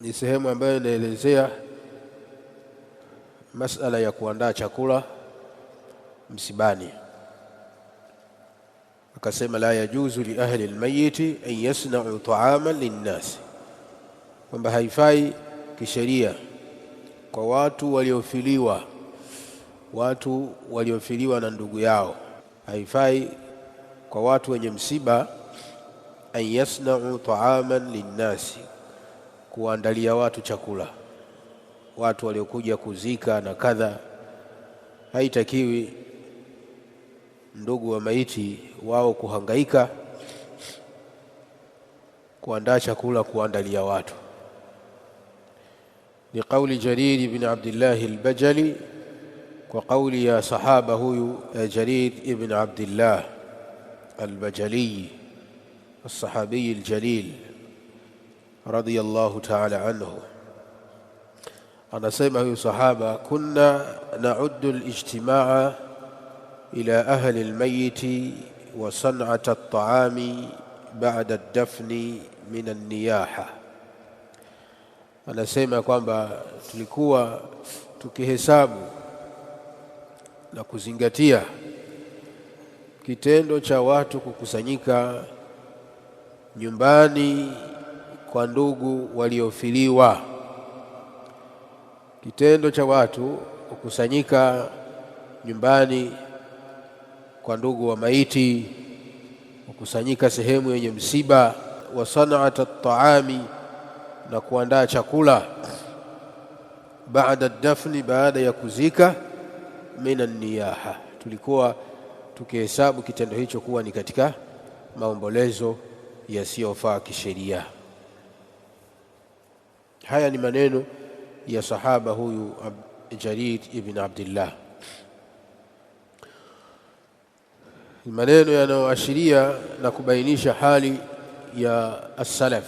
Ni sehemu ambayo inaelezea masala ya kuandaa chakula msibani. Akasema la yajuzu li ahli almayiti an yasna'u ta'aman linnas, kwamba haifai kisheria kwa watu waliofiliwa, watu waliofiliwa na ndugu yao, haifai kwa watu wenye msiba an yasna'u ta'aman linnas kuandalia watu chakula, watu waliokuja kuzika na kadha. Haitakiwi ndugu wa maiti wao kuhangaika kuandaa chakula kuandalia watu. Ni kauli Jarir ibn Abdillahi al-Bajali kwa kauli ya sahaba huyu eh, Jarir ibn Abdillah al-Bajali as-sahabi al-jalil radhiyallahu ta'ala anhu. Anasema huyu sahaba, kunna naudu alijtimaa ila ahli almayiti wa san'at at-ta'ami ba'da ad-dafni min an-niyaha. Anasema kwamba tulikuwa tukihesabu na kuzingatia kitendo cha watu kukusanyika nyumbani kwa ndugu waliofiliwa. Kitendo cha watu kukusanyika nyumbani kwa ndugu wa maiti, kukusanyika sehemu yenye msiba, wa sanata taami, na kuandaa chakula baada dafni, baada ya kuzika, min niyaha, tulikuwa tukihesabu kitendo hicho kuwa ni katika maombolezo yasiyofaa kisheria. Haya ni maneno ya sahaba huyu Jarir ibn Abdillah, maneno yanayoashiria na kubainisha hali ya as-salaf,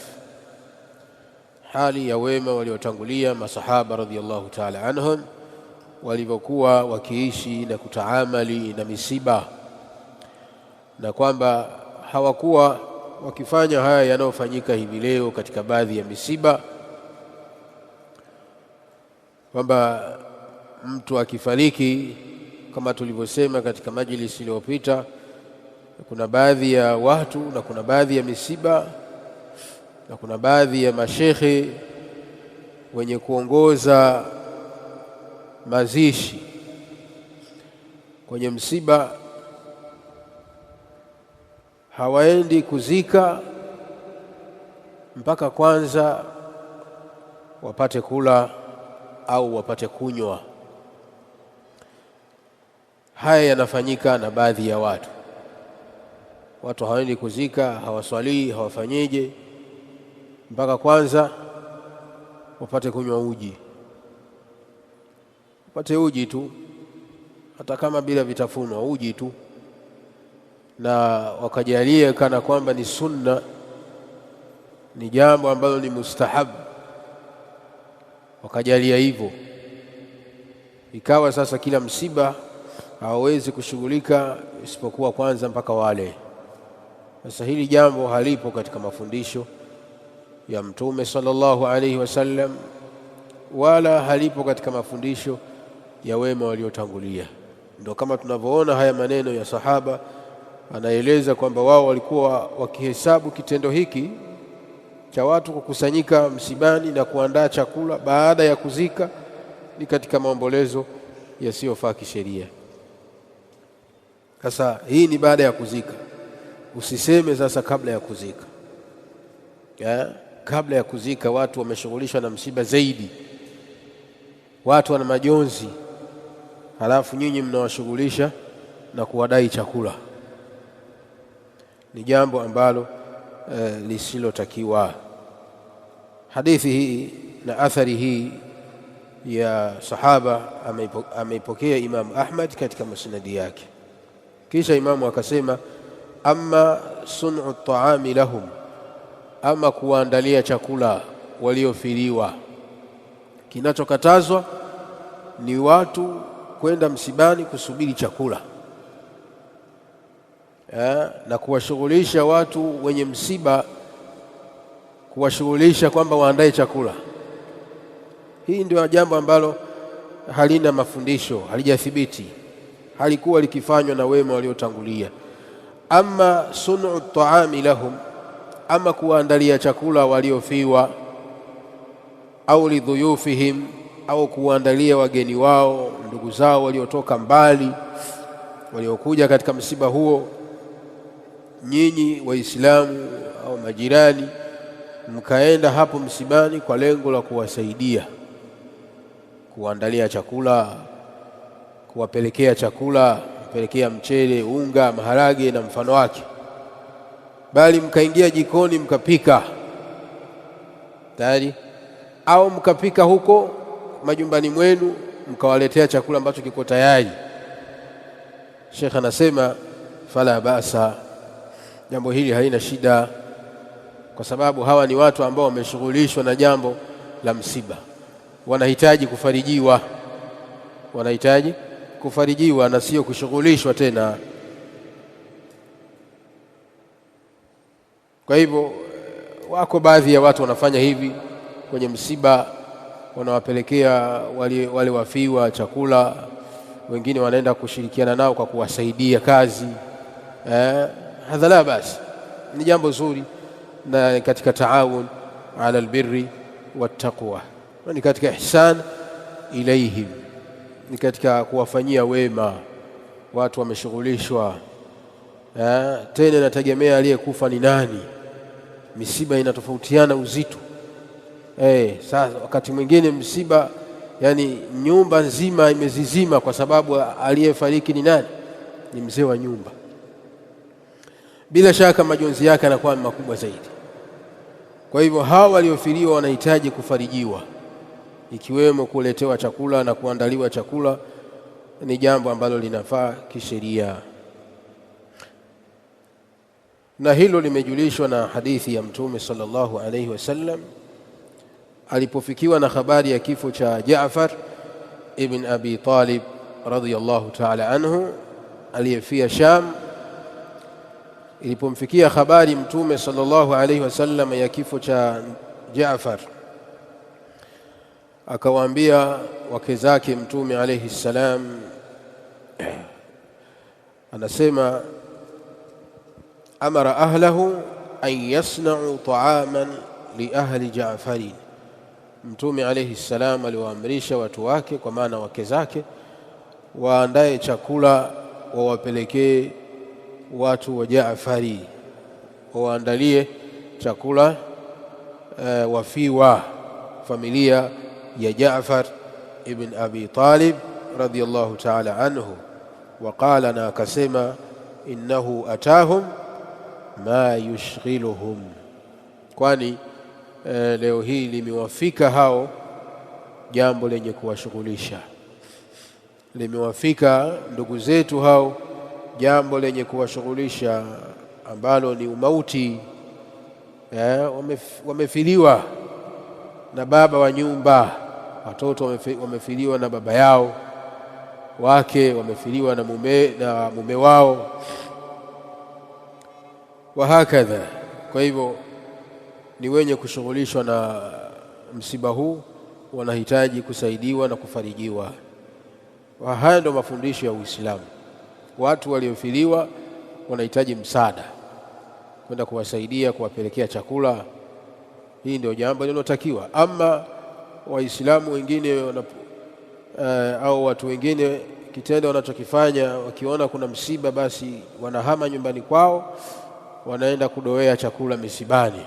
hali ya wema waliotangulia masahaba radhiyallahu ta'ala anhum walivyokuwa wakiishi na kutaamali na misiba, na kwamba hawakuwa wakifanya haya yanayofanyika hivi leo katika baadhi ya misiba kwamba mtu akifariki kama tulivyosema katika majlisi iliyopita, kuna baadhi ya watu na kuna baadhi ya misiba na kuna baadhi ya mashekhe wenye kuongoza mazishi kwenye msiba hawaendi kuzika mpaka kwanza wapate kula au wapate kunywa. Haya yanafanyika na baadhi ya watu. Watu hawaendi kuzika, hawaswalii, hawafanyije mpaka kwanza wapate kunywa uji, wapate uji tu, hata kama bila vitafunwa, uji tu, na wakajalia kana kwamba ni sunna, ni jambo ambalo ni mustahabu wakajalia hivyo, ikawa sasa kila msiba hawawezi kushughulika isipokuwa kwanza mpaka wale. Sasa hili jambo halipo katika mafundisho ya Mtume sallallahu alaihi wasallam wala halipo katika mafundisho ya wema waliotangulia. Ndio kama tunavyoona haya maneno ya sahaba, anaeleza kwamba wao walikuwa wakihesabu kitendo hiki cha watu kukusanyika msibani na kuandaa chakula baada ya kuzika ni katika maombolezo yasiyofaa kisheria. Sasa hii ni baada ya kuzika, usiseme sasa kabla ya kuzika ya, kabla ya kuzika watu wameshughulishwa na msiba zaidi, watu wana majonzi, halafu nyinyi mnawashughulisha na kuwadai chakula, ni jambo ambalo Eh, lisilotakiwa. Hadithi hii na athari hii ya sahaba ameipokea Imam Ahmad katika musnadi yake, kisha imamu akasema, amma sun'u taami lahum, ama kuwaandalia chakula waliofiliwa. Kinachokatazwa ni watu kwenda msibani kusubiri chakula ya, eh, na kuwashughulisha watu wenye msiba, kuwashughulisha kwamba waandae chakula. Hii ndio jambo ambalo halina mafundisho, halijathibiti, halikuwa likifanywa na wema waliotangulia. Ama sunu taami lahum, ama kuwaandalia chakula waliofiwa, au lidhuyufihim, au kuwaandalia wageni wao, ndugu zao waliotoka mbali, waliokuja katika msiba huo nyinyi Waislamu au majirani mkaenda hapo msibani kwa lengo la kuwasaidia, kuandalia chakula, kuwapelekea chakula, kupelekea mchele, unga, maharage na mfano wake, bali mkaingia jikoni mkapika tayari, au mkapika huko majumbani mwenu mkawaletea chakula ambacho kiko tayari. Sheikh anasema fala basa jambo hili halina shida, kwa sababu hawa ni watu ambao wameshughulishwa na jambo la msiba, wanahitaji kufarijiwa, wanahitaji kufarijiwa na sio kushughulishwa tena. Kwa hivyo, wako baadhi ya watu wanafanya hivi kwenye msiba, wanawapelekea wale, wale wafiwa chakula, wengine wanaenda kushirikiana nao kwa kuwasaidia kazi eh? hadha la basi, ni jambo zuri na katika taawun ala albirri wattaqwa, ni katika ihsan ilayhim ni katika kuwafanyia wema watu wameshughulishwa. Tena inategemea aliyekufa ni nani, misiba inatofautiana uzito. Hey, sasa wakati mwingine msiba yani nyumba nzima imezizima kwa sababu aliyefariki ni nani? Ni mzee wa nyumba bila shaka majonzi yake yanakuwa makubwa zaidi. Kwa hivyo hawa waliofiliwa wanahitaji kufarijiwa, ikiwemo kuletewa chakula na kuandaliwa chakula, ni jambo ambalo linafaa kisheria, na hilo limejulishwa na hadithi ya Mtume sallallahu alaihi wasallam alipofikiwa na habari ya kifo cha Jaafar ibn Abi Talib radhiyallahu ta'ala anhu aliyefia Sham ilipomfikia habari Mtume sallallahu alaihi wasallam ya kifo cha Jaafar, akawaambia wake zake Mtume alaihi ssalam, anasema amara ahlahu an yasnau taaman liahli Jaafari Mtume alaihi ssalam aliwaamrisha watu wake, kwa maana wake zake, waandae chakula wawapelekee watu wa Jaafari wawaandalie chakula e, wafiwa familia ya Jaafar ibn Abi Talib radhiyallahu ta'ala anhu. Waqala, na akasema innahu atahum ma yushghiluhum, kwani e, leo hii limewafika hao jambo lenye kuwashughulisha, limewafika ndugu zetu hao jambo lenye kuwashughulisha ambalo ni umauti eh, wamefiliwa na baba wa nyumba, watoto wamefiliwa na baba yao, wake wamefiliwa na mume, na mume wao wa hakadha. Kwa hivyo ni wenye kushughulishwa na msiba huu wanahitaji kusaidiwa na kufarijiwa. Haya ndio mafundisho ya Uislamu watu waliofiliwa wanahitaji msaada, kwenda kuwasaidia, kuwapelekea chakula. Hii ndio jambo linalotakiwa. Ama Waislamu wengine uh, au watu wengine kitendo wanachokifanya wakiona kuna msiba, basi wanahama nyumbani kwao, wanaenda kudowea chakula misibani.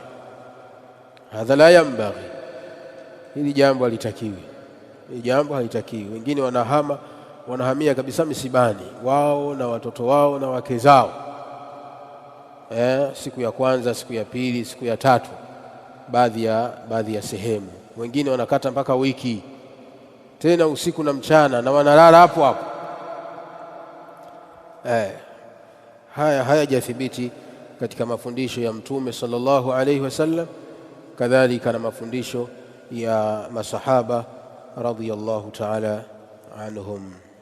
Hadha la yambaghi, hili jambo halitakiwi, hili jambo halitakiwi. Wengine wanahama wanahamia kabisa misibani, wao na watoto wao na wake zao eh, siku ya kwanza, siku ya pili, siku ya tatu, baadhi ya, baadhi ya sehemu. Wengine wanakata mpaka wiki tena usiku na mchana, na wanalala hapo hapo eh. Haya hayajathibiti katika mafundisho ya Mtume sallallahu alaihi wasallam, kadhalika na mafundisho ya masahaba radhiyallahu ta'ala anhum.